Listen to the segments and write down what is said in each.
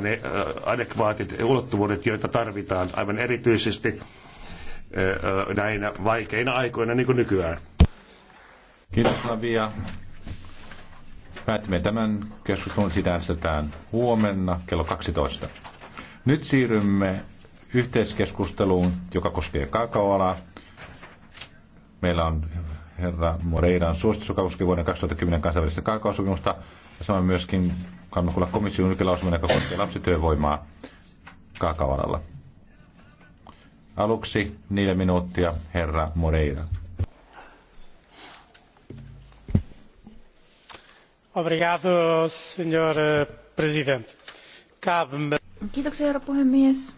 ne adekvaatit ulottuvuudet, joita tarvitaan aivan erityisesti näinä vaikeina aikoina niin kuin nykyään. Kiitos Lavia. Päätimme tämän keskustelun sitään huomenna kello 12. Nyt siirrymme yhteiskeskusteluun, joka koskee kakaoalaa. Meillä on herra Moreiran suositus, joka koskee vuoden 2010 kansainvälistä kakaosopimusta ja samoin myöskin Kannamme kuulla komission julkilausuman, joka koskee lapsityövoimaa kaakavalalla. Aluksi neljä minuuttia, herra Moreira. Obrigado, senhor eh, presidente. Kiitoksia, herra puhemies.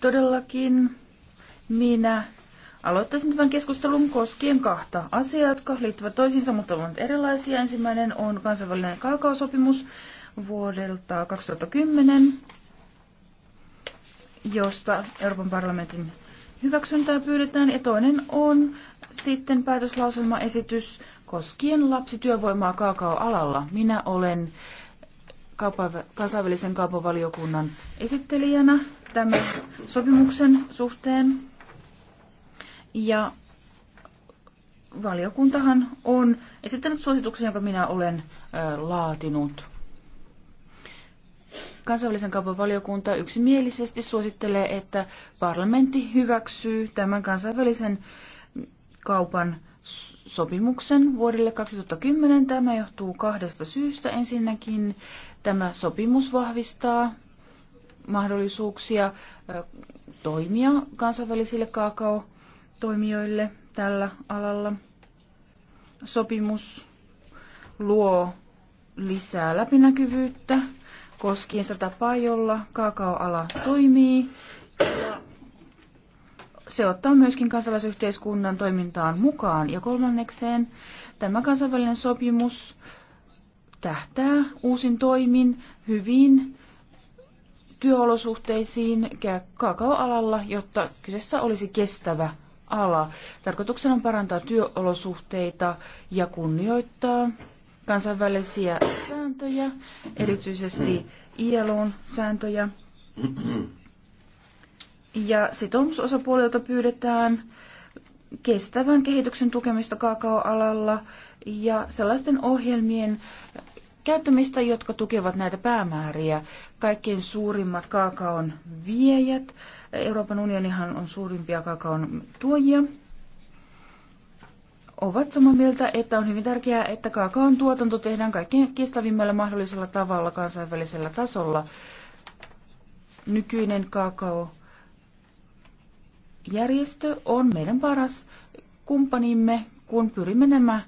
Todellakin minä Aloittaisin tämän keskustelun koskien kahta asiaa, jotka liittyvät toisiinsa, mutta ovat erilaisia. Ensimmäinen on kansainvälinen kaakaosopimus vuodelta 2010, josta Euroopan parlamentin hyväksyntää pyydetään. Ja toinen on sitten päätöslauselmaesitys koskien lapsityövoimaa kaakaoalalla. Minä olen kansainvälisen kaupavaliokunnan esittelijänä tämän sopimuksen suhteen. Ja valiokuntahan on esittänyt suosituksen, jonka minä olen laatinut. Kansainvälisen kaupan valiokunta yksimielisesti suosittelee, että parlamentti hyväksyy tämän kansainvälisen kaupan sopimuksen vuodelle 2010. Tämä johtuu kahdesta syystä. Ensinnäkin tämä sopimus vahvistaa mahdollisuuksia toimia kansainvälisille kaakao toimijoille tällä alalla. Sopimus luo lisää läpinäkyvyyttä koskien sitä tapaa, jolla kaakaoala toimii. Se ottaa myöskin kansalaisyhteiskunnan toimintaan mukaan. Ja kolmannekseen tämä kansainvälinen sopimus tähtää uusin toimin hyvin työolosuhteisiin kakaoalalla, jotta kyseessä olisi kestävä ala. Tarkoituksena on parantaa työolosuhteita ja kunnioittaa kansainvälisiä sääntöjä, erityisesti ILOn sääntöjä. Ja sitoumusosapuolilta pyydetään kestävän kehityksen tukemista kakaoalalla ja sellaisten ohjelmien käyttämistä, jotka tukevat näitä päämääriä. Kaikkein suurimmat kaakaon viejät Euroopan unionihan on suurimpia kakaon tuojia, ovat samaa mieltä, että on hyvin tärkeää, että kaakaon tuotanto tehdään kaikkein kestävimmällä mahdollisella tavalla kansainvälisellä tasolla. Nykyinen kaakaojärjestö on meidän paras kumppanimme, kun pyrimme nämä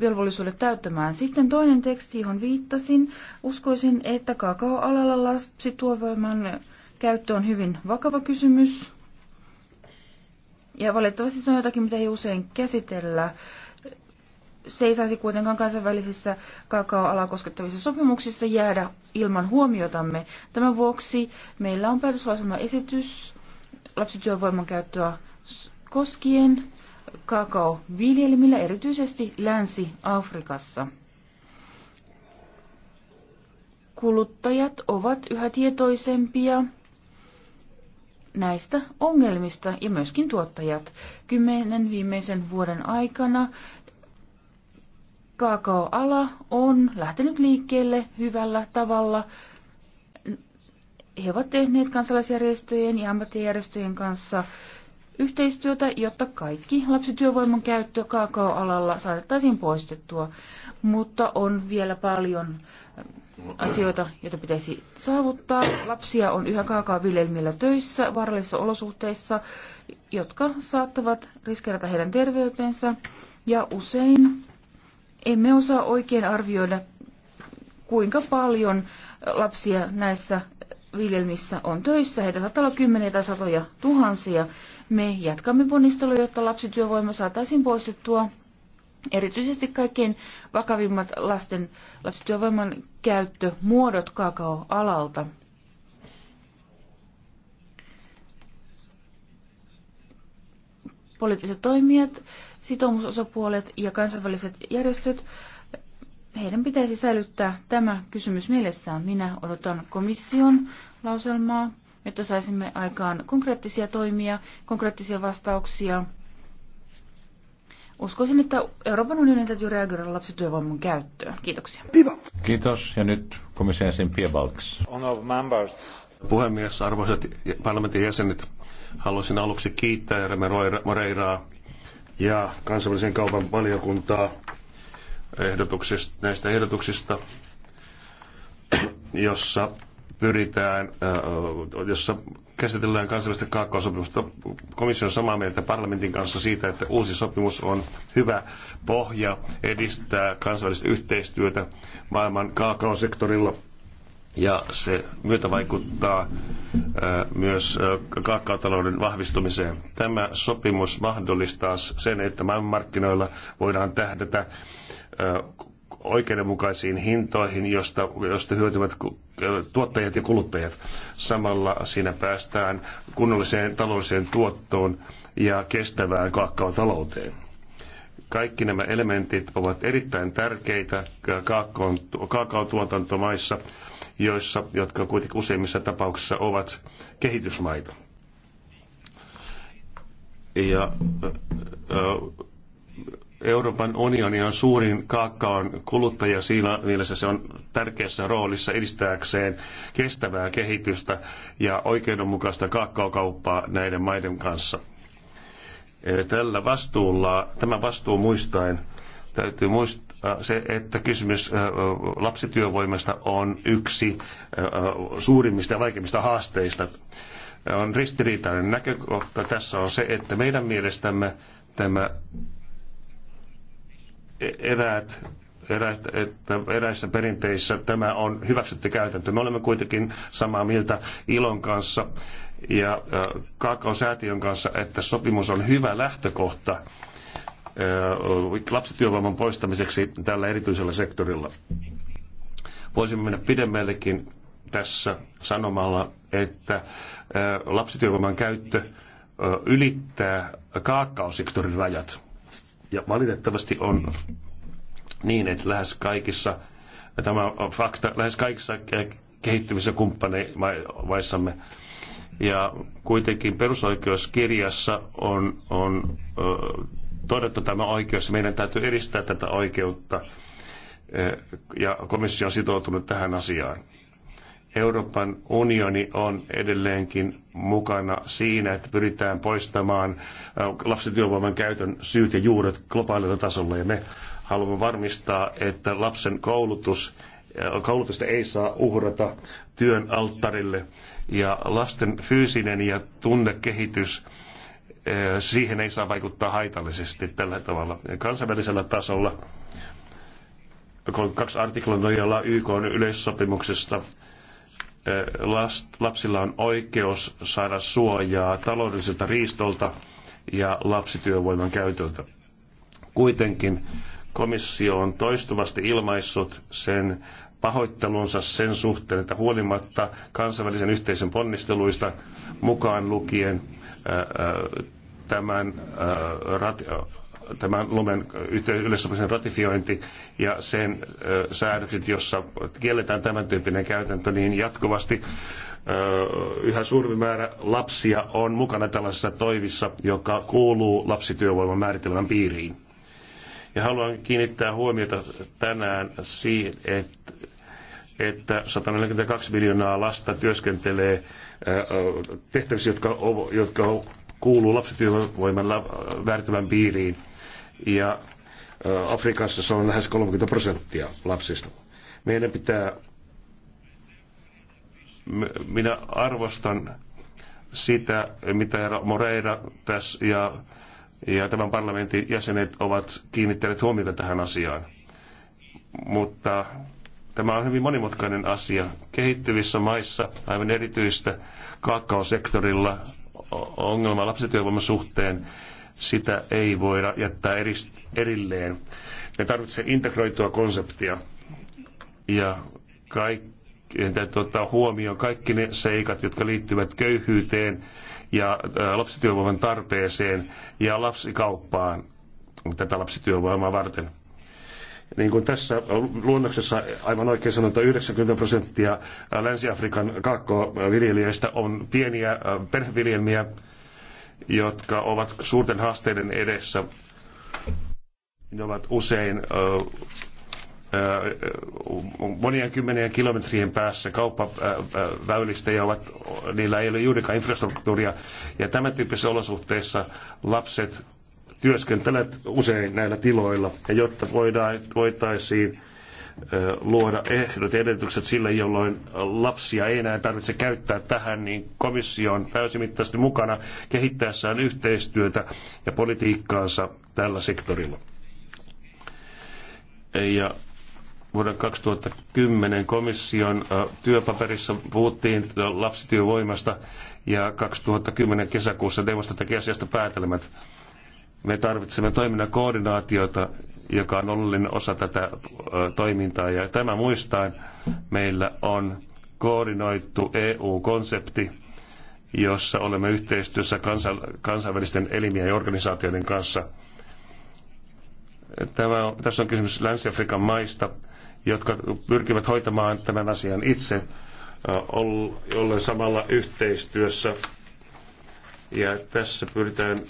velvollisuudet täyttämään. Sitten toinen teksti, johon viittasin. Uskoisin, että kakaoalalla lapsi tuovoiman käyttö on hyvin vakava kysymys. Ja valitettavasti se on jotakin, mitä ei usein käsitellä. Se ei saisi kuitenkaan kansainvälisissä kakaoalaa koskettavissa sopimuksissa jäädä ilman huomiotamme. Tämän vuoksi meillä on esitys lapsityövoiman käyttöä koskien kakaoviljelmillä, erityisesti Länsi-Afrikassa. Kuluttajat ovat yhä tietoisempia näistä ongelmista ja myöskin tuottajat. Kymmenen viimeisen vuoden aikana kaakaoala on lähtenyt liikkeelle hyvällä tavalla. He ovat tehneet kansalaisjärjestöjen ja ammattijärjestöjen kanssa yhteistyötä, jotta kaikki lapsityövoiman käyttö kaakaoalalla saatettaisiin poistettua, mutta on vielä paljon asioita, joita pitäisi saavuttaa. Lapsia on yhä kaakaa viljelmillä töissä, vaarallisissa olosuhteissa, jotka saattavat riskeerata heidän terveytensä. Ja usein emme osaa oikein arvioida, kuinka paljon lapsia näissä viljelmissä on töissä. Heitä saattaa olla kymmeniä tai satoja tuhansia. Me jatkamme ponnistelua, jotta lapsityövoima saataisiin poistettua Erityisesti kaikkein vakavimmat lasten lapsityövoiman käyttömuodot kakao-alalta. Poliittiset toimijat, sitoumusosapuolet ja kansainväliset järjestöt, heidän pitäisi säilyttää tämä kysymys mielessään. Minä odotan komission lauselmaa, jotta saisimme aikaan konkreettisia toimia, konkreettisia vastauksia – Uskoisin, että Euroopan unionin täytyy reagoida lapsityövoiman käyttöön. Kiitoksia. Kiitos. Ja nyt komission jäsen Piebalgs. Puhemies, arvoisat parlamentin jäsenet, haluaisin aluksi kiittää Jeremy Moreiraa ja kansainvälisen kaupan valiokuntaa ehdotuksista, näistä ehdotuksista, jossa pyritään, äh, jossa käsitellään kansainvälistä kaakkosopimusta. Komissio on samaa mieltä parlamentin kanssa siitä, että uusi sopimus on hyvä pohja edistää kansainvälistä yhteistyötä maailman kaakaosektorilla. Ja se myötä vaikuttaa äh, myös äh, kaakaotalouden vahvistumiseen. Tämä sopimus mahdollistaa sen, että maailmanmarkkinoilla voidaan tähdätä oikeudenmukaisiin hintoihin, josta, josta hyötyvät tuottajat ja kuluttajat. Samalla siinä päästään kunnolliseen taloudelliseen tuottoon ja kestävään kaakaotalouteen. Kaikki nämä elementit ovat erittäin tärkeitä kaakaotuotantomaissa, joissa, jotka kuitenkin useimmissa tapauksissa ovat kehitysmaita. Ja, äh, äh, Euroopan unioni on suurin kaakkaon kuluttaja siinä mielessä se on tärkeässä roolissa edistääkseen kestävää kehitystä ja oikeudenmukaista kaakkaokauppaa näiden maiden kanssa. Tällä vastuulla, tämä vastuu muistaen, täytyy muistaa äh, se, että kysymys äh, lapsityövoimasta on yksi äh, suurimmista ja vaikeimmista haasteista. On ristiriitainen näkökohta tässä on se, että meidän mielestämme tämä eräät että eräissä perinteissä tämä on hyväksytty käytäntö. Me olemme kuitenkin samaa mieltä Ilon kanssa ja Kaakaosäätiön kanssa, että sopimus on hyvä lähtökohta lapsityövoiman poistamiseksi tällä erityisellä sektorilla. Voisimme mennä pidemmällekin tässä sanomalla, että lapsityövoiman käyttö ylittää kaakkaosektorin rajat ja valitettavasti on niin, että lähes kaikissa, tämä on fakta, lähes kaikissa kehittyvissä kumppanimaissamme. Ja kuitenkin perusoikeuskirjassa on, on todettu tämä oikeus. Meidän täytyy edistää tätä oikeutta ja komissio on sitoutunut tähän asiaan. Euroopan unioni on edelleenkin mukana siinä, että pyritään poistamaan lapsityövoiman käytön syyt ja juuret globaalilla tasolla. Ja me haluamme varmistaa, että lapsen koulutus, koulutusta ei saa uhrata työn alttarille. Ja lasten fyysinen ja tunnekehitys siihen ei saa vaikuttaa haitallisesti tällä tavalla. Kansainvälisellä tasolla 32 artiklan nojalla YK on yleissopimuksesta lapsilla on oikeus saada suojaa taloudelliselta riistolta ja lapsityövoiman käytöltä. Kuitenkin komissio on toistuvasti ilmaissut sen pahoittelunsa sen suhteen, että huolimatta kansainvälisen yhteisön ponnisteluista mukaan lukien tämän tämän lumen yleissopimuksen ratifiointi ja sen säädökset, jossa kielletään tämän tyyppinen käytäntö, niin jatkuvasti yhä suurempi määrä lapsia on mukana tällaisissa toivissa, joka kuuluu lapsityövoiman määritelmän piiriin. Ja haluan kiinnittää huomiota tänään siihen, että, että 142 miljoonaa lasta työskentelee tehtävissä, jotka, jotka kuuluu lapsityövoiman määritelmän piiriin ja Afrikassa se on lähes 30 prosenttia lapsista. Meidän pitää, minä arvostan sitä, mitä herra Moreira tässä ja, ja tämän parlamentin jäsenet ovat kiinnittäneet huomiota tähän asiaan. Mutta tämä on hyvin monimutkainen asia. Kehittyvissä maissa, aivan erityistä kaakkaosektorilla, ongelma lapsityövoiman suhteen sitä ei voida jättää erilleen. Ne tarvitsee integroitua konseptia ja kaikkien täytyy ottaa huomioon kaikki ne seikat, jotka liittyvät köyhyyteen ja lapsityövoiman tarpeeseen ja lapsikauppaan tätä lapsityövoimaa varten niin kuin tässä luonnoksessa aivan oikein sanotaan, 90 prosenttia Länsi-Afrikan kaakkoviljelijöistä on pieniä perheviljelmiä jotka ovat suurten haasteiden edessä. Ne ovat usein monien kymmenien kilometrien päässä kauppaväylistä ja ovat, niillä ei ole juurikaan infrastruktuuria. Ja tämän tyyppisissä olosuhteissa lapset työskentelevät usein näillä tiloilla. Ja jotta voidaan, voitaisiin luoda ehdot ja edellytykset sille, jolloin lapsia ei enää tarvitse käyttää tähän, niin komissio on täysimittaisesti mukana kehittäessään yhteistyötä ja politiikkaansa tällä sektorilla. Ja vuoden 2010 komission työpaperissa puhuttiin lapsityövoimasta ja 2010 kesäkuussa neuvosto teki asiasta päätelmät. Me tarvitsemme toiminnan koordinaatiota, joka on ollinen osa tätä toimintaa. Ja tämä muistaen meillä on koordinoitu EU-konsepti, jossa olemme yhteistyössä kansainvälisten elimien ja organisaatioiden kanssa. Tämä on, tässä on kysymys Länsi-Afrikan maista, jotka pyrkivät hoitamaan tämän asian itse, ollen samalla yhteistyössä. Ja tässä pyritään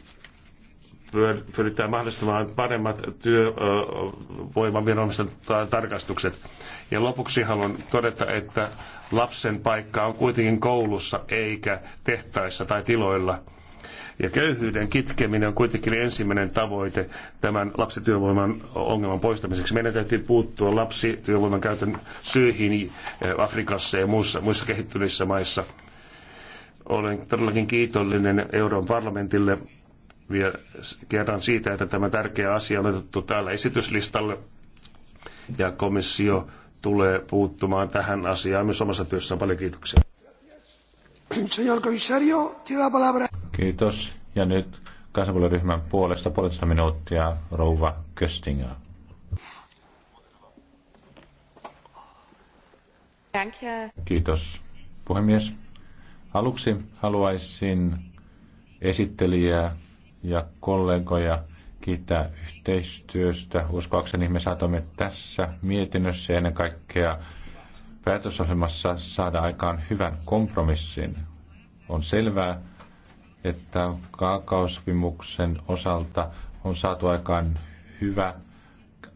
pyritään mahdollistamaan paremmat työvoimaviranomaisten tarkastukset. Ja lopuksi haluan todeta, että lapsen paikka on kuitenkin koulussa eikä tehtaissa tai tiloilla. Ja köyhyyden kitkeminen on kuitenkin ensimmäinen tavoite tämän lapsityövoiman ongelman poistamiseksi. Meidän täytyy puuttua lapsityövoiman käytön syihin Afrikassa ja muissa, muissa kehittyneissä maissa. Olen todellakin kiitollinen Euroopan parlamentille vielä kerran siitä, että tämä tärkeä asia on otettu täällä esityslistalle ja komissio tulee puuttumaan tähän asiaan myös omassa työssään. Paljon kiitoksia. Kiitos. Ja nyt kansanpuolueryhmän puolesta puolesta minuuttia rouva Köstinga. Kiitos, puhemies. Aluksi haluaisin esittelijää ja kollegoja kiittää yhteistyöstä. Uskoakseni me saatamme tässä mietinnössä ennen kaikkea päätösohjelmassa saada aikaan hyvän kompromissin. On selvää, että kaakaosopimuksen osalta on saatu aikaan hyvä,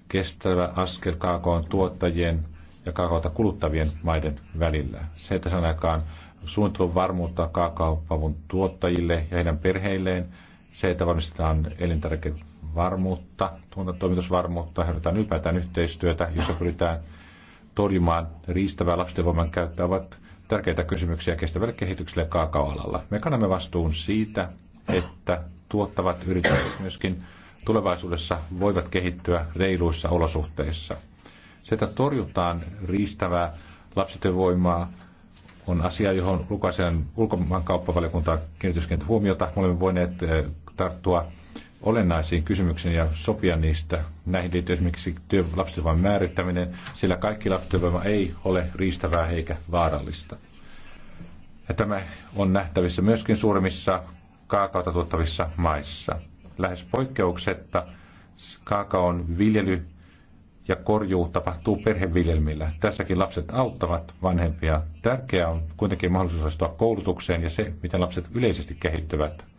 kestävä askel kaakaon tuottajien ja kaakaota kuluttavien maiden välillä. Se, että se aikaan suunnittelun varmuutta kaakaopavun tuottajille ja heidän perheilleen, se, että varmistetaan elintarvikevarmuutta, toimitusvarmuutta, harjoitetaan ylipäätään yhteistyötä, jossa pyritään torjumaan riistävää lapsityövoiman käyttöä, ovat tärkeitä kysymyksiä kestävälle kehitykselle kaakaoalalla. Me kannamme vastuun siitä, että tuottavat yritykset myöskin tulevaisuudessa voivat kehittyä reiluissa olosuhteissa. Se, että torjutaan riistävää lapsityövoimaa, on asia, johon ulkomaankauppavaliokunta on kiinnityskenttä huomiota. Me olemme voineet eh, tarttua olennaisiin kysymyksiin ja sopia niistä. Näihin liittyy esimerkiksi työ, lapsityövoiman määrittäminen, sillä kaikki lapsityövoima ei ole riistävää eikä vaarallista. Ja tämä on nähtävissä myöskin suurimmissa kaakaota tuottavissa maissa. Lähes poikkeuksetta kaakaon viljely ja korjuu tapahtuu perheviljelmillä. Tässäkin lapset auttavat vanhempia. Tärkeää on kuitenkin mahdollisuus astua koulutukseen ja se, miten lapset yleisesti kehittyvät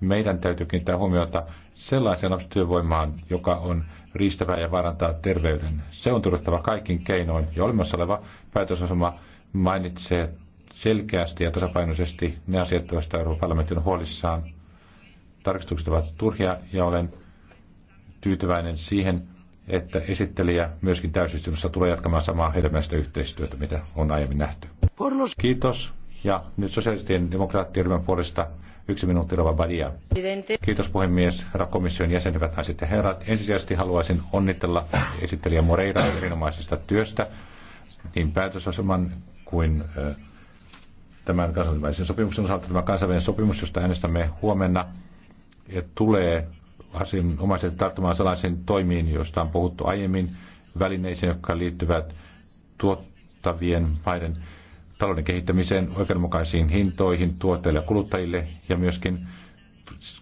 meidän täytyy kiinnittää huomiota sellaiseen lapsityövoimaan, joka on riistävää ja vaarantaa terveyden. Se on turvattava kaikin keinoin ja olemassa oleva päätösasema mainitsee selkeästi ja tasapainoisesti ne asiat, joista Euroopan parlamentti on huolissaan. Tarkistukset ovat turhia ja olen tyytyväinen siihen, että esittelijä myöskin täysistunnossa tulee jatkamaan samaa hedelmällistä yhteistyötä, mitä on aiemmin nähty. Kiitos. Ja nyt sosiaalisten demokraattien ryhmän puolesta Yksi minuutti, Rova Badia. Kiitos puhemies, herra komission jäsen, hyvät naiset ja herrat. Ensisijaisesti haluaisin onnitella esittelijä Moreira erinomaisesta työstä niin päätösaseman kuin eh, tämän kansainvälisen sopimuksen osalta. Tämä kansainvälinen sopimus, josta äänestämme huomenna, eh, tulee asianomaisesti tarttumaan sellaisiin toimiin, joista on puhuttu aiemmin, välineisiin, jotka liittyvät tuottavien maiden talouden kehittämiseen, oikeudenmukaisiin hintoihin tuotteille ja kuluttajille ja myöskin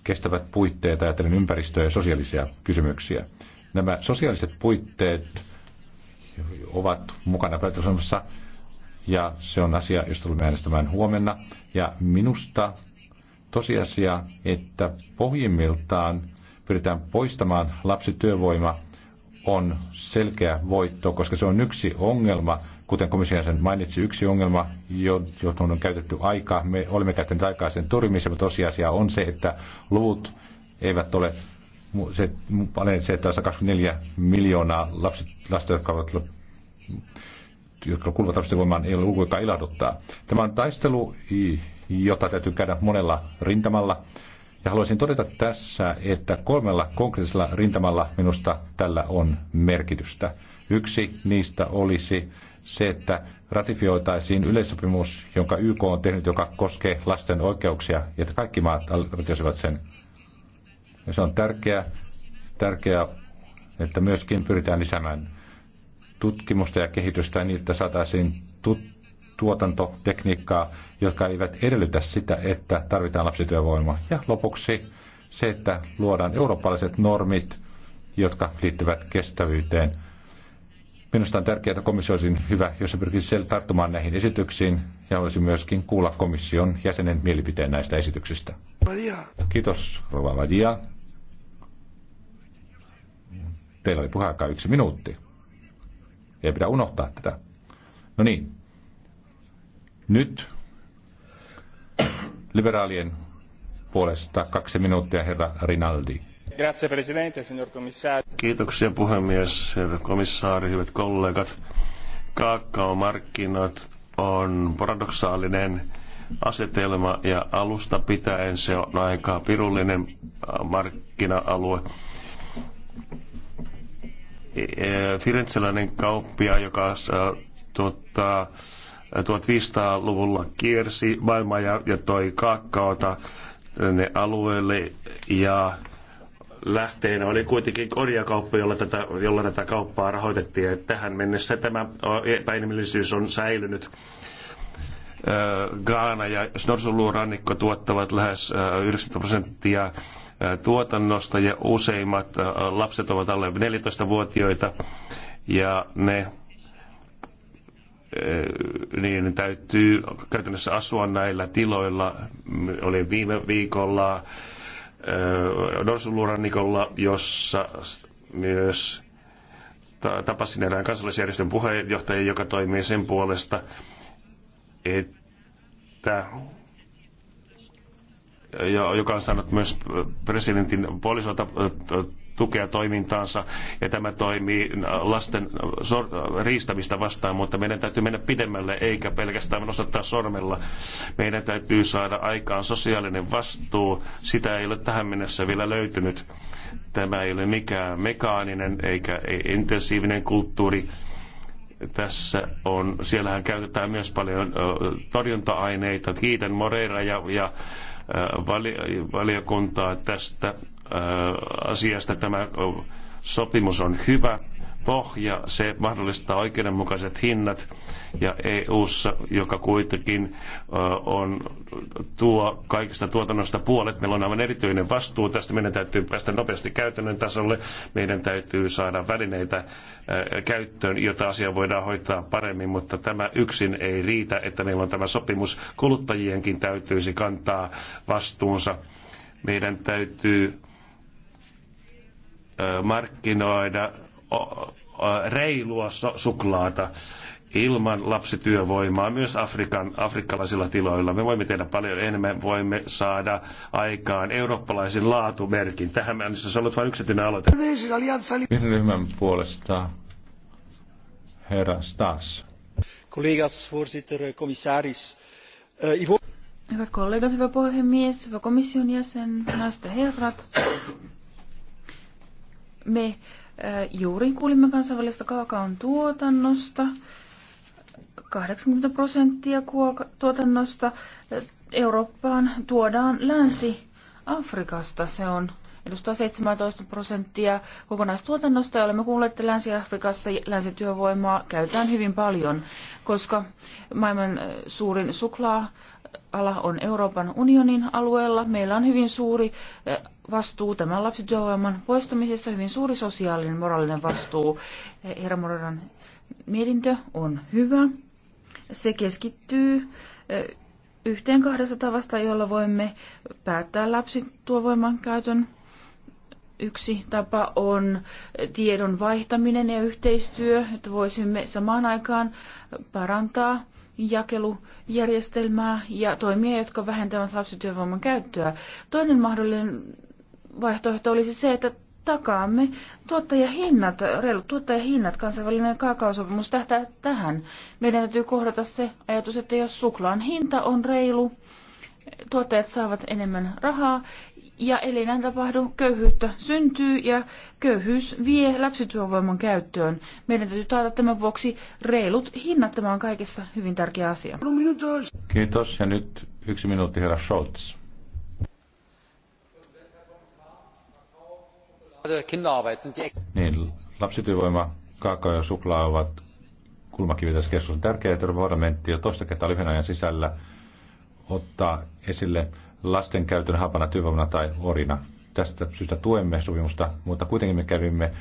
kestävät puitteet ajatellen ympäristöä ja sosiaalisia kysymyksiä. Nämä sosiaaliset puitteet ovat mukana päätösohjelmassa ja se on asia, josta tulemme äänestämään huomenna. Ja minusta tosiasia, että pohjimmiltaan pyritään poistamaan lapsityövoima, on selkeä voitto, koska se on yksi ongelma, Kuten komission sen mainitsi, yksi ongelma, johon on käytetty aikaa, me olemme käyttäneet aikaa sen torjumiseen, mutta tosiasia on se, että luvut eivät ole se, paljon se, että 24 miljoonaa lapset, lasta, jotka ovat jotka kuuluvat lapsisten voimaan, ei ole luku, joka ilahduttaa. Tämä on taistelu, jota täytyy käydä monella rintamalla. Ja haluaisin todeta tässä, että kolmella konkreettisella rintamalla minusta tällä on merkitystä. Yksi niistä olisi se, että ratifioitaisiin yleissopimus, jonka YK on tehnyt, joka koskee lasten oikeuksia, ja että kaikki maat ratifioisivat sen. Ja se on tärkeää, tärkeä, että myöskin pyritään lisäämään tutkimusta ja kehitystä niin, että saataisiin tut- tuotantotekniikkaa, jotka eivät edellytä sitä, että tarvitaan lapsityövoimaa. Ja lopuksi se, että luodaan eurooppalaiset normit, jotka liittyvät kestävyyteen – Minusta on tärkeää, että komissio olisi hyvä, jos se pyrkisi tarttumaan näihin esityksiin ja olisi myöskin kuulla komission jäsenen mielipiteen näistä esityksistä. Maria. Kiitos, Rova Vadia. Teillä oli puheaikaa yksi minuutti. Ei pidä unohtaa tätä. No niin. Nyt liberaalien puolesta kaksi minuuttia herra Rinaldi. Kiitoksia puhemies, herra komissaari, hyvät kollegat. Kaakaomarkkinat on paradoksaalinen asetelma ja alusta pitäen se on aika pirullinen markkina-alue. E, Firenzeläinen kauppia, joka äh, tuottaa 1500-luvulla kiersi maailmaa ja, ja toi kaakkaota tänne alueelle ja lähteenä oli kuitenkin korjakauppa, jolla tätä, jolla tätä kauppaa rahoitettiin. Ja tähän mennessä tämä epäinhimillisyys on säilynyt. Gaana ja Snorsuluurannikko tuottavat lähes 90 prosenttia tuotannosta ja useimmat lapset ovat alle 14 vuotioita ja ne niin täytyy käytännössä asua näillä tiloilla. oli viime viikolla Norsunluurannikolla, jossa myös tapasin erään kansalaisjärjestön puheenjohtajan, joka toimii sen puolesta, että joka on saanut myös presidentin puolisolta tukea toimintaansa ja tämä toimii lasten riistämistä vastaan, mutta meidän täytyy mennä pidemmälle eikä pelkästään nostaa sormella. Meidän täytyy saada aikaan sosiaalinen vastuu. Sitä ei ole tähän mennessä vielä löytynyt. Tämä ei ole mikään mekaaninen eikä intensiivinen kulttuuri tässä on, siellähän käytetään myös paljon torjunta-aineita. Kiitän Moreira ja, ja vali, valiokuntaa tästä asiasta. Tämä sopimus on hyvä pohja, se mahdollistaa oikeudenmukaiset hinnat ja EU:ssa, joka kuitenkin on tuo kaikista tuotannosta puolet, meillä on aivan erityinen vastuu tästä. Meidän täytyy päästä nopeasti käytännön tasolle, meidän täytyy saada välineitä käyttöön, jota asia voidaan hoitaa paremmin, mutta tämä yksin ei riitä, että meillä on tämä sopimus. Kuluttajienkin täytyisi kantaa vastuunsa. Meidän täytyy markkinoida reilua suklaata ilman lapsityövoimaa myös Afrikan, afrikkalaisilla tiloilla. Me voimme tehdä paljon enemmän, voimme saada aikaan eurooppalaisen laatumerkin. Tähän mennessä se on ollut vain yksityinen aloite. Ryhmän puolesta herra Stas. Collega's, voorzitter, commissaris. Hyvät kollegat, hyvä puhemies, hyvä komission jäsen, naiset ja herrat. Me juuri kuulimme kansainvälisestä kaakaon tuotannosta. 80 prosenttia tuotannosta Eurooppaan tuodaan Länsi-Afrikasta. Se on edustaa 17 prosenttia kokonaistuotannosta ja olemme kuulleet, että Länsi-Afrikassa länsityövoimaa käytetään hyvin paljon, koska maailman suurin suklaa ala on Euroopan unionin alueella. Meillä on hyvin suuri vastuu tämän lapsityövoiman poistamisessa, hyvin suuri sosiaalinen moraalinen vastuu. Herra Moreran mietintö on hyvä. Se keskittyy yhteen kahdesta tavasta, jolla voimme päättää lapsityövoiman käytön. Yksi tapa on tiedon vaihtaminen ja yhteistyö, että voisimme samaan aikaan parantaa jakelujärjestelmää ja toimia, jotka vähentävät lapsityövoiman käyttöä. Toinen mahdollinen vaihtoehto olisi se, että takaamme tuottajahinnat, reilut tuottajahinnat, kansainvälinen kaakaosopimus tähtää tähän. Meidän täytyy kohdata se ajatus, että jos suklaan hinta on reilu, tuottajat saavat enemmän rahaa ja eli näin tapahdu, köyhyyttä syntyy ja köyhyys vie lapsityövoiman käyttöön. Meidän täytyy taata tämän vuoksi reilut hinnat. Tämä on kaikessa hyvin tärkeä asia. Kiitos ja nyt yksi minuutti herra Scholz. Niin, lapsityövoima, kaakao ja suklaa ovat kulmakivi tässä keskustelussa. Tärkeää, että parlamentti jo toista kertaa lyhyen ajan sisällä ottaa esille lasten käytön hapana työvoimana tai orina. Tästä syystä tuemme sopimusta, mutta kuitenkin me kävimme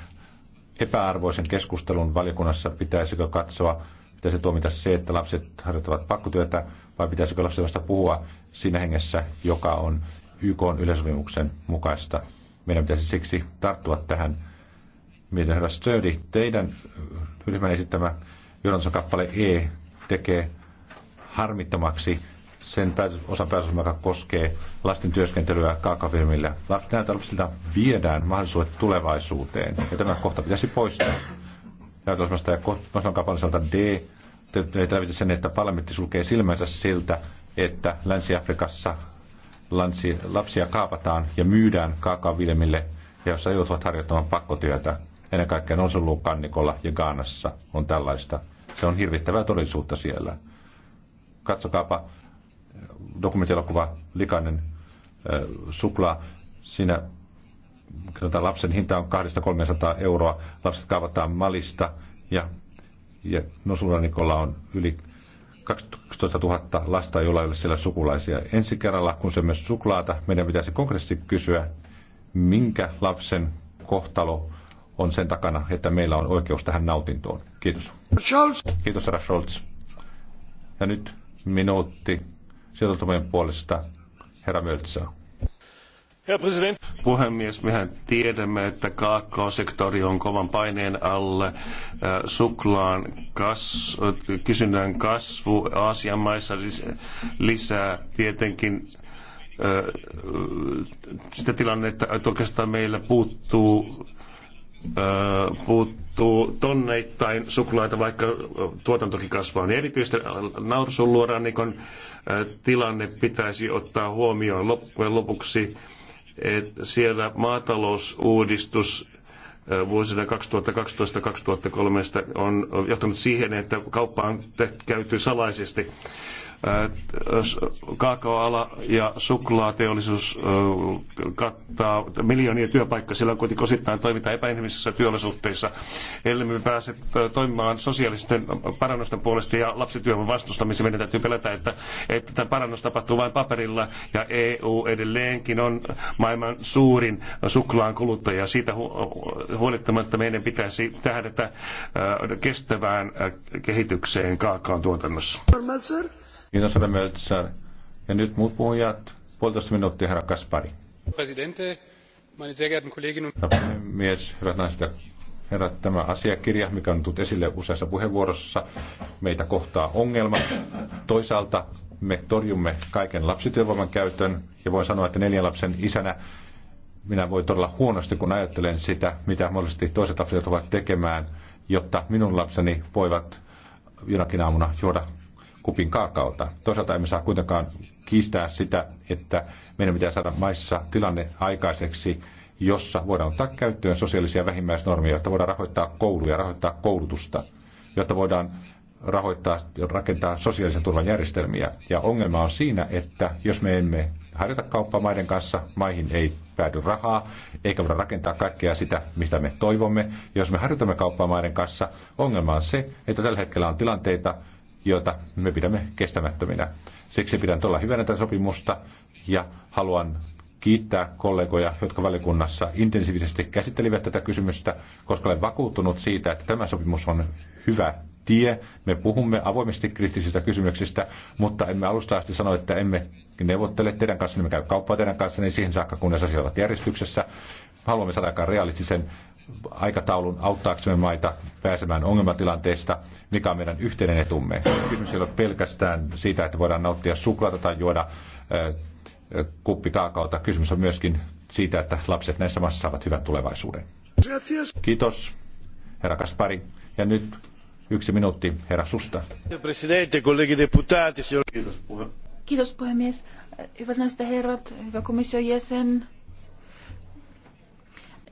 epäarvoisen keskustelun valiokunnassa, pitäisikö katsoa, pitäisi tuomita se, että lapset harjoittavat pakkotyötä, vai pitäisikö vasta puhua siinä hengessä, joka on YK yleisopimuksen mukaista. Meidän pitäisi siksi tarttua tähän. Miten herra Stödi, teidän ryhmän esittämä Jonathan kappale E tekee harmittamaksi sen osa osan päätös, joka koskee lasten työskentelyä kaakafilmillä. Näiltä lapsilta viedään mahdollisuudet tulevaisuuteen, ja tämä kohta pitäisi poistaa. Jäätösmästä ja Kosman kapalliselta D tarvitse sen, että parlamentti sulkee silmänsä siltä, että Länsi-Afrikassa lapsia kaapataan ja myydään kaakaoviljelmille ja jossa joutuvat harjoittamaan pakkotyötä. Ennen kaikkea Nonsoluun kannikolla ja Gaanassa on tällaista. Se on hirvittävää todellisuutta siellä. Katsokaapa äh, dokumenttielokuva Likainen äh, suklaa. Siinä tota, lapsen hinta on 200-300 euroa. Lapset kaavataan malista ja, ja Nosulanikolla on yli 12 000 lasta, joilla ei ole siellä sukulaisia. Ensi kerralla, kun se myös suklaata, meidän pitäisi konkreettisesti kysyä, minkä lapsen kohtalo on sen takana, että meillä on oikeus tähän nautintoon. Kiitos. Scholz. Kiitos, herra Scholz. Ja nyt minuutti sijoitustomien puolesta herra Möltsä. Puhemies, mehän tiedämme, että kaakkosektori on kovan paineen alle. Äh, suklaan kas, kysynnän kasvu Aasian maissa lisää tietenkin äh, sitä tilannetta, että oikeastaan meillä puuttuu äh, puuttuu tonneittain suklaita, vaikka tuotantokin kasvaa, niin erityisesti naursunluorannikon tilanne pitäisi ottaa huomioon loppujen lopuksi että siellä maatalousuudistus vuosina 2012-2013 on johtanut siihen, että kauppa on käyty salaisesti kaakaoala ja suklaateollisuus kattaa miljoonia työpaikkoja. Sillä on kuitenkin osittain toimintaa epäinhimillisissä työolosuhteissa. Eli me pääse toimimaan sosiaalisten parannusten puolesta ja lapsityövoiman vastustamisen, meidän täytyy pelätä, että, että tämä parannus tapahtuu vain paperilla ja EU edelleenkin on maailman suurin suklaan kuluttaja. Siitä hu- huolittamatta meidän pitäisi tähdätä kestävään kehitykseen kaakaon tuotannossa. Kiitos, herra Möltsär. Ja nyt muut puhujat. Puolitoista minuuttia, herra Kaspari. Presidente, meine sehr geehrten Kolleginnen und Mies, hyvät naiset ja herrat, tämä asiakirja, mikä on tullut esille useassa puheenvuorossa, meitä kohtaa ongelma. Toisaalta me torjumme kaiken lapsityövoiman käytön, ja voin sanoa, että neljän lapsen isänä minä voi todella huonosti, kun ajattelen sitä, mitä mahdollisesti toiset lapset ovat tekemään, jotta minun lapseni voivat jonakin aamuna juoda kupin kaakaota. Toisaalta emme saa kuitenkaan kiistää sitä, että meidän pitää saada maissa tilanne aikaiseksi, jossa voidaan ottaa käyttöön sosiaalisia vähimmäisnormeja, jotta voidaan rahoittaa kouluja, rahoittaa koulutusta, jotta voidaan rahoittaa ja rakentaa sosiaalisen turvan järjestelmiä. Ja ongelma on siinä, että jos me emme harjoita kauppaa maiden kanssa, maihin ei päädy rahaa, eikä voida rakentaa kaikkea sitä, mitä me toivomme. jos me harjoitamme kauppaa maiden kanssa, ongelma on se, että tällä hetkellä on tilanteita, joita me pidämme kestämättöminä. Siksi pidän tuolla hyvänä tätä sopimusta ja haluan kiittää kollegoja, jotka valiokunnassa intensiivisesti käsittelivät tätä kysymystä, koska olen vakuuttunut siitä, että tämä sopimus on hyvä tie. Me puhumme avoimesti kriittisistä kysymyksistä, mutta emme alusta asti sano, että emme neuvottele teidän kanssa, emme käy kauppaa teidän kanssa, niin siihen saakka, kunnes asiat ovat järjestyksessä. Haluamme saada aikaan realistisen aikataulun auttaaksemme maita pääsemään ongelmatilanteesta, mikä on meidän yhteinen etumme. Kysymys ei ole pelkästään siitä, että voidaan nauttia suklaata tai juoda kuppi kaakaota. Kysymys on myöskin siitä, että lapset näissä maissa saavat hyvän tulevaisuuden. Kiitos, herra Kaspari. Ja nyt yksi minuutti, herra Susta. Kiitos, Kiitos puhemies. Hyvät naiset herrat, hyvä komission jäsen,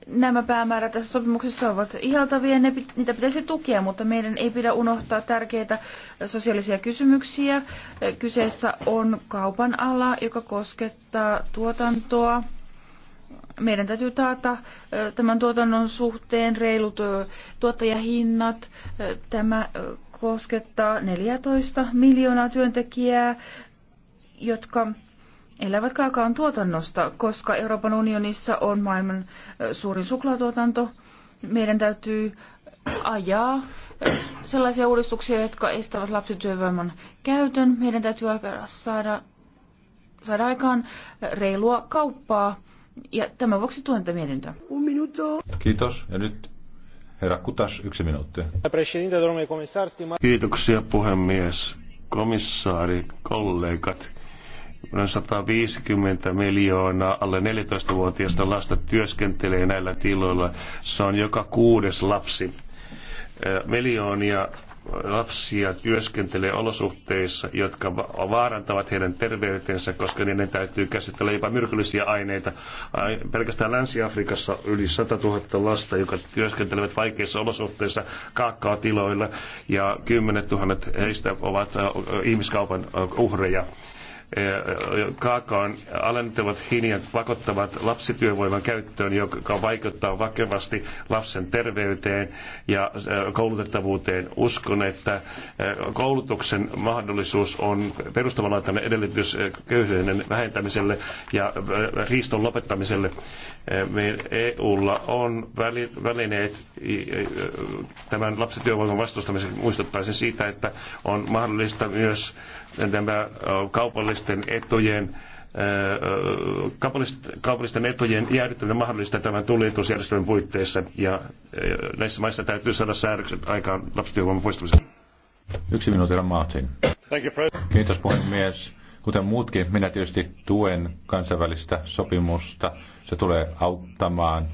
nämä päämäärät tässä sopimuksessa ovat ihaltavia, ne, niitä pitäisi tukea, mutta meidän ei pidä unohtaa tärkeitä sosiaalisia kysymyksiä. Kyseessä on kaupan ala, joka koskettaa tuotantoa. Meidän täytyy taata tämän tuotannon suhteen reilut tuottajahinnat. Tämä koskettaa 14 miljoonaa työntekijää, jotka elävät kaakaan tuotannosta, koska Euroopan unionissa on maailman suurin suklaatuotanto. Meidän täytyy ajaa sellaisia uudistuksia, jotka estävät lapsityövoiman käytön. Meidän täytyy saada, saada aikaan reilua kauppaa. Ja tämän vuoksi tuen tätä mietintöä. Kiitos. Ja nyt herra Kutas, yksi minuutti. Kiitoksia puhemies, komissaari, kollegat noin 150 miljoonaa alle 14-vuotiaista lasta työskentelee näillä tiloilla. Se on joka kuudes lapsi. Miljoonia lapsia työskentelee olosuhteissa, jotka vaarantavat heidän terveytensä, koska niiden täytyy käsitellä jopa myrkyllisiä aineita. Pelkästään Länsi-Afrikassa yli 100 000 lasta, jotka työskentelevät vaikeissa olosuhteissa kaakkaatiloilla, ja 10 000 heistä ovat ihmiskaupan uhreja kaakaan alentavat hinnat pakottavat lapsityövoiman käyttöön, joka vaikuttaa vakavasti lapsen terveyteen ja äh, koulutettavuuteen. Uskon, että äh, koulutuksen mahdollisuus on perustavanlaatuinen edellytys äh, köyhyyden vähentämiselle ja riiston lopettamiselle. Meillä EUlla on välineet tämän lapsityövoiman vastustamiseksi. Muistuttaisin siitä, että on mahdollista myös nämä äh, kaupallisten etujen äh, äh, kaupallisten etujen jäädyttäminen mahdollista tämän tulietusjärjestelmän puitteissa ja näissä maissa täytyy saada säädökset aikaan lapsityövoiman poistamiseen. Yksi minuutilla Martin. Kiitos puhemies. Kuten muutkin, minä tietysti tuen kansainvälistä sopimusta. Se tulee auttamaan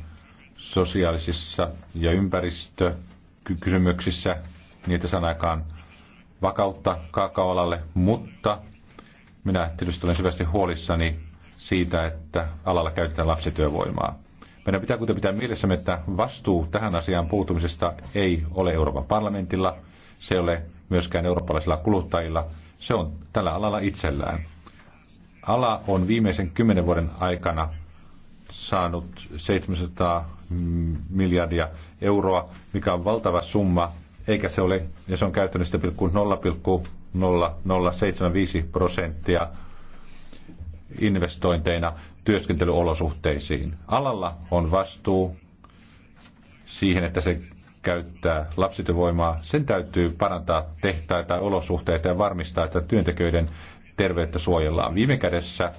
sosiaalisissa ja ympäristökysymyksissä niitä sanakaan vakautta kaakaolalle, mutta minä tietysti olen syvästi huolissani siitä, että alalla käytetään lapsityövoimaa. Meidän pitää kuitenkin pitää mielessämme, että vastuu tähän asiaan puutumisesta ei ole Euroopan parlamentilla, se ei ole myöskään eurooppalaisilla kuluttajilla, se on tällä alalla itsellään. Ala on viimeisen kymmenen vuoden aikana saanut 700 miljardia euroa, mikä on valtava summa eikä se ole, ja se on käytännössä 0,0075 prosenttia investointeina työskentelyolosuhteisiin. Alalla on vastuu siihen, että se käyttää lapsityövoimaa. Sen täytyy parantaa tehtaita olosuhteita ja varmistaa, että työntekijöiden terveyttä suojellaan. Viime kädessä,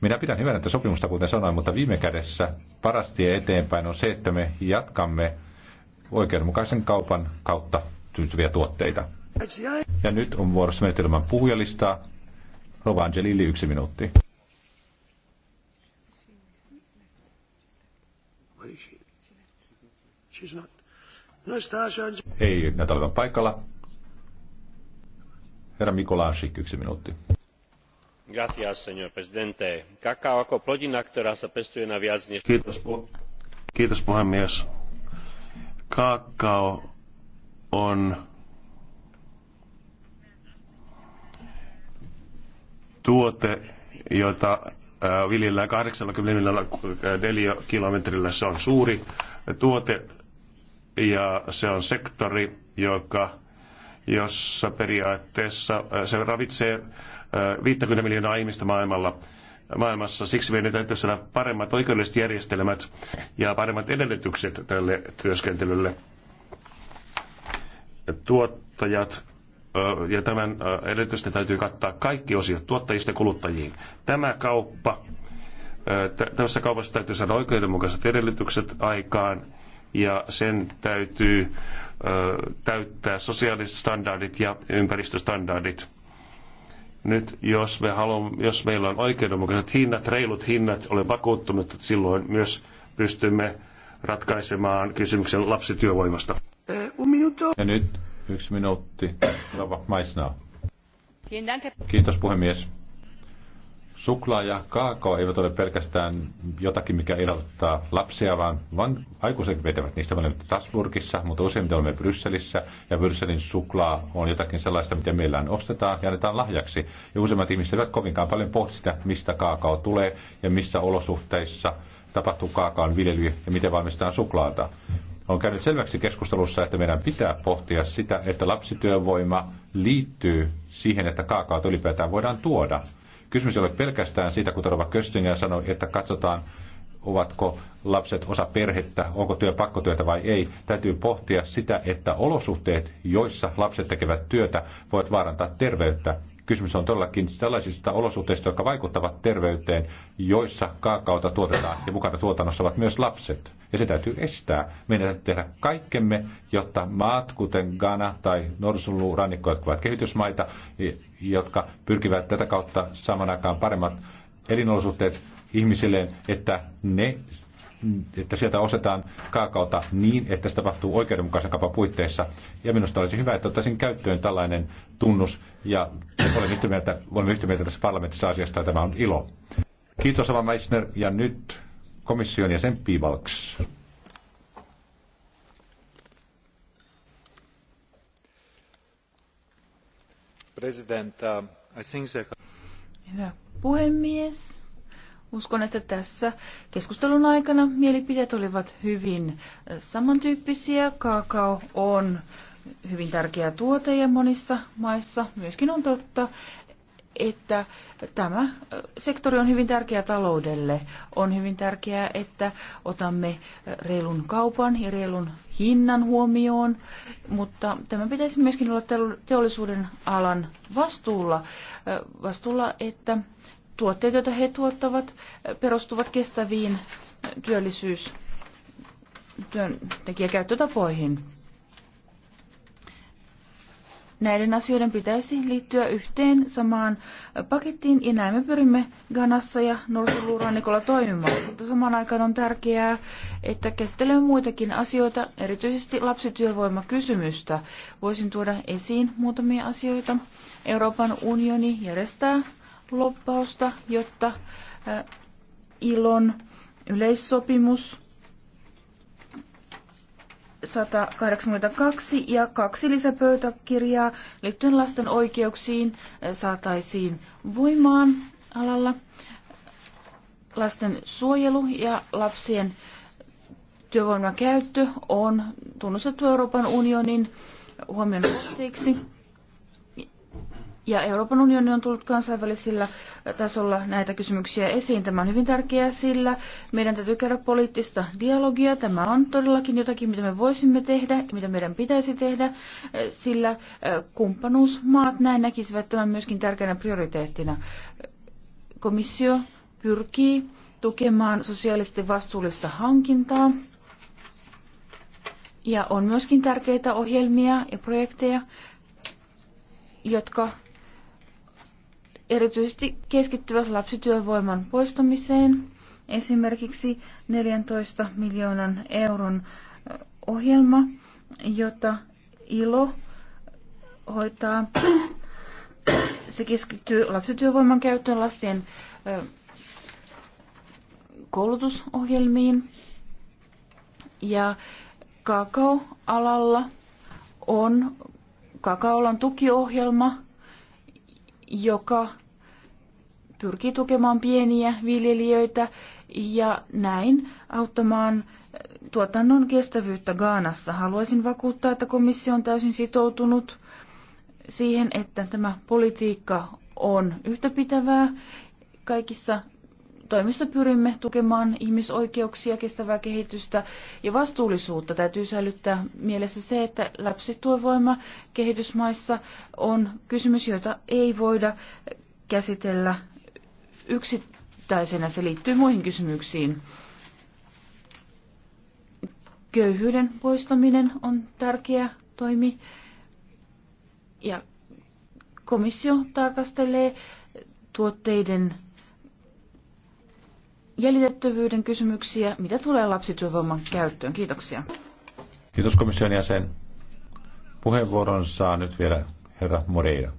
minä pidän hyvänä että sopimusta, kuten sanoin, mutta viime kädessä paras tie eteenpäin on se, että me jatkamme oikeudenmukaisen kaupan kautta syntyviä tuotteita. Ja nyt on vuorossa menetelmän puhujalistaa. Rova Angelilli, yksi minuutti. Ei näytä olevan paikalla. Herra Mikolášik, yksi minuutti. Gracias, señor presidente. Kakao ako plodina, ktorá sa pestuje na viac než... Kiitos, pu- Kiitos puhemies Kaakao on tuote, jota äh, viljellään 84 kilometrillä. Se on suuri tuote ja se on sektori, joka, jossa periaatteessa äh, se ravitsee 50 äh, miljoonaa ihmistä maailmalla maailmassa. Siksi meidän täytyy saada paremmat oikeudelliset järjestelmät ja paremmat edellytykset tälle työskentelylle. Tuottajat ja tämän edellytysten täytyy kattaa kaikki osiot tuottajista kuluttajiin. Tämä kauppa, tässä kaupassa täytyy saada oikeudenmukaiset edellytykset aikaan ja sen täytyy täyttää sosiaaliset standardit ja ympäristöstandardit nyt jos, me haluamme, jos meillä on oikeudenmukaiset hinnat, reilut hinnat, olen vakuuttunut, että silloin myös pystymme ratkaisemaan kysymyksen lapsityövoimasta. Ja nyt yksi minuutti. Maisnaa. Kiitos puhemies. Suklaa ja kaakao eivät ole pelkästään jotakin, mikä ilottaa lapsia, vaan aikuiset vetävät niistä. Me olemme Tasburgissa, mutta useimmiten olemme Brysselissä, ja Brysselin suklaa on jotakin sellaista, mitä meillään ostetaan ja annetaan lahjaksi. Ja useimmat ihmiset eivät kovinkaan paljon pohti sitä, mistä kaakao tulee ja missä olosuhteissa tapahtuu kaakaon viljely ja miten valmistetaan suklaata. On käynyt selväksi keskustelussa, että meidän pitää pohtia sitä, että lapsityövoima liittyy siihen, että kaakaot ylipäätään voidaan tuoda – Kysymys ei ole pelkästään siitä, kuten Rova Köstinger sanoi, että katsotaan, ovatko lapset osa perhettä, onko työ pakkotyötä vai ei. Täytyy pohtia sitä, että olosuhteet, joissa lapset tekevät työtä, voivat vaarantaa terveyttä. Kysymys on todellakin tällaisista olosuhteista, jotka vaikuttavat terveyteen, joissa kaakaota tuotetaan ja mukana tuotannossa ovat myös lapset. Ja se täytyy estää. Meidän täytyy tehdä kaikkemme, jotta maat, kuten Ghana tai rannikko, jotka ovat kehitysmaita, jotka pyrkivät tätä kautta saman aikaan paremmat elinolosuhteet ihmisilleen, että ne että sieltä ostetaan kaakaota niin, että se tapahtuu oikeudenmukaisen kaupan puitteissa. Ja minusta olisi hyvä, että ottaisin käyttöön tällainen tunnus, ja olemme yhtä mieltä, olemme yhtä mieltä tässä parlamentissa asiasta, ja tämä on ilo. Kiitos, Ava Meissner, ja nyt komission sen Piivalks. President, uh, I think that... Hyvä puhemies. Uskon, että tässä keskustelun aikana mielipiteet olivat hyvin äh, samantyyppisiä. Kaakao on hyvin tärkeä tuote ja monissa maissa myöskin on totta, että tämä äh, sektori on hyvin tärkeä taloudelle. On hyvin tärkeää, että otamme äh, reilun kaupan ja reilun hinnan huomioon, mutta tämä pitäisi myöskin olla teollisuuden alan vastuulla, vastuulla että tuotteet, joita he tuottavat, perustuvat kestäviin työllisyys työntekijäkäyttötapoihin. Näiden asioiden pitäisi liittyä yhteen samaan pakettiin ja näin me pyrimme Ganassa ja Norsulurannikolla toimimaan. Mutta samaan aikaan on tärkeää, että käsittelemme muitakin asioita, erityisesti lapsityövoimakysymystä. Voisin tuoda esiin muutamia asioita. Euroopan unioni järjestää lobbausta, jotta ilon yleissopimus 182 ja kaksi lisäpöytäkirjaa liittyen lasten oikeuksiin saataisiin voimaan alalla. Lasten suojelu ja lapsien työvoimakäyttö käyttö on tunnustettu Euroopan unionin huomioon ja Euroopan unioni on tullut kansainvälisellä tasolla näitä kysymyksiä esiin. Tämä on hyvin tärkeää, sillä meidän täytyy käydä poliittista dialogia. Tämä on todellakin jotakin, mitä me voisimme tehdä, mitä meidän pitäisi tehdä, sillä kumppanuusmaat näin näkisivät tämän myöskin tärkeänä prioriteettina. Komissio pyrkii tukemaan sosiaalisesti vastuullista hankintaa. Ja on myöskin tärkeitä ohjelmia ja projekteja, jotka erityisesti keskittyvät lapsityövoiman poistamiseen. Esimerkiksi 14 miljoonan euron ohjelma, jota ILO hoitaa. Se keskittyy lapsityövoiman käyttöön lasten koulutusohjelmiin. Ja kakaoalalla on kakaolan tukiohjelma, joka pyrkii tukemaan pieniä viljelijöitä ja näin auttamaan tuotannon kestävyyttä Gaanassa. Haluaisin vakuuttaa, että komissio on täysin sitoutunut siihen, että tämä politiikka on yhtäpitävää. Kaikissa toimissa pyrimme tukemaan ihmisoikeuksia, kestävää kehitystä ja vastuullisuutta. Täytyy säilyttää mielessä se, että lapsityövoima kehitysmaissa on kysymys, jota ei voida käsitellä yksittäisenä, se liittyy muihin kysymyksiin. Köyhyyden poistaminen on tärkeä toimi ja komissio tarkastelee tuotteiden jäljitettävyyden kysymyksiä, mitä tulee lapsityövoiman käyttöön. Kiitoksia. Kiitos komission jäsen. Puheenvuoron saa nyt vielä herra Moreira.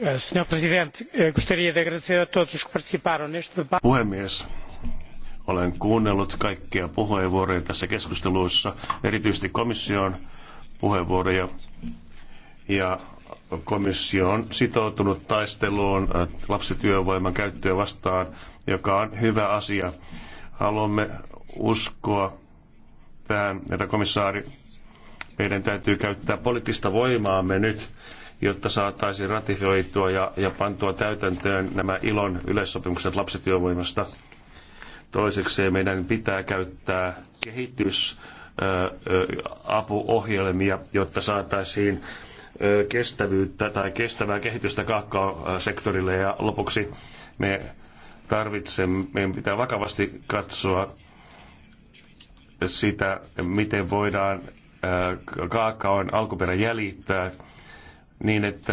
Eh, senhor Presidente, eh, agradecer a todos que debate. Puhemies, olen kuunnellut kaikkia puheenvuoroja tässä keskustelussa, erityisesti komission puheenvuoroja. Ja komissio on sitoutunut taisteluun eh, lapsityövoiman käyttöä vastaan, joka on hyvä asia. Haluamme uskoa tähän, herra komissaari, meidän täytyy käyttää poliittista voimaamme nyt jotta saataisiin ratifioitua ja, ja pantua täytäntöön nämä ilon yleissopimukset lapsityövoimasta. Toiseksi meidän pitää käyttää kehitysapuohjelmia, jotta saataisiin kestävyyttä tai kestävää kehitystä kaakkosektorille. Ja lopuksi me tarvitsemme, meidän pitää vakavasti katsoa sitä, miten voidaan kaakaon alkuperä jäljittää niin, että,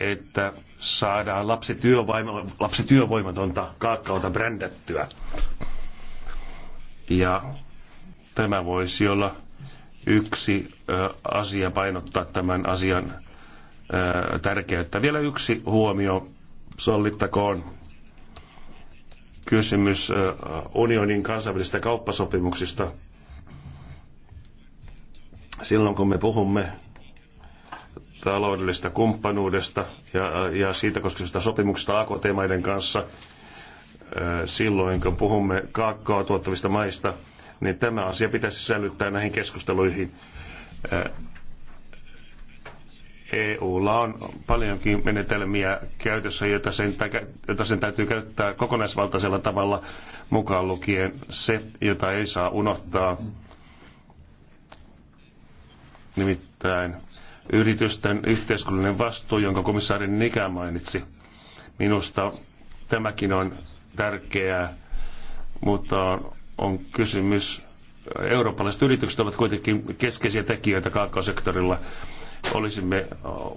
että saadaan lapsityövoima, lapsityövoimatonta kaakkauta brändättyä. Ja tämä voisi olla yksi asia painottaa tämän asian tärkeyttä. Vielä yksi huomio sallittakoon. Kysymys unionin kansainvälisistä kauppasopimuksista. Silloin kun me puhumme taloudellisesta kumppanuudesta ja, ja siitä koskevista sopimuksista AKT-maiden kanssa silloin, kun puhumme kaakkoa tuottavista maista, niin tämä asia pitäisi sisällyttää näihin keskusteluihin. EUlla on paljonkin menetelmiä käytössä, joita sen, jota sen täytyy käyttää kokonaisvaltaisella tavalla mukaan lukien se, jota ei saa unohtaa. Nimittäin yritysten yhteiskunnallinen vastuu, jonka komissaari Nikä mainitsi. Minusta tämäkin on tärkeää, mutta on, kysymys. Eurooppalaiset yritykset ovat kuitenkin keskeisiä tekijöitä kaakkosektorilla. Olisimme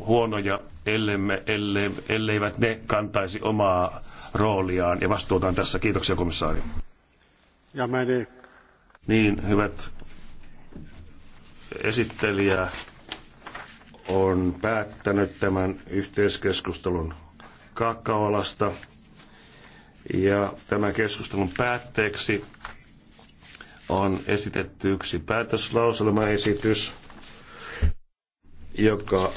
huonoja, ellemme, elle, elleivät ne kantaisi omaa rooliaan ja vastuutaan tässä. Kiitoksia komissaari. Ja meni. Niin, hyvät esittelijä on päättänyt tämän yhteiskeskustelun kakkaolasta. Ja tämän keskustelun päätteeksi on esitetty yksi päätöslauselmaesitys, joka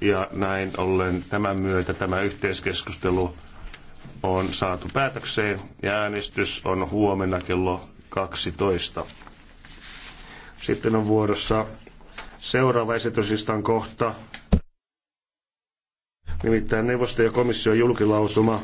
ja näin ollen tämän myötä tämä yhteiskeskustelu on saatu päätökseen ja äänestys on huomenna kello 12. Sitten on vuorossa Seuraava esityslistan kohta, nimittäin neuvosto ja komission julkilausuma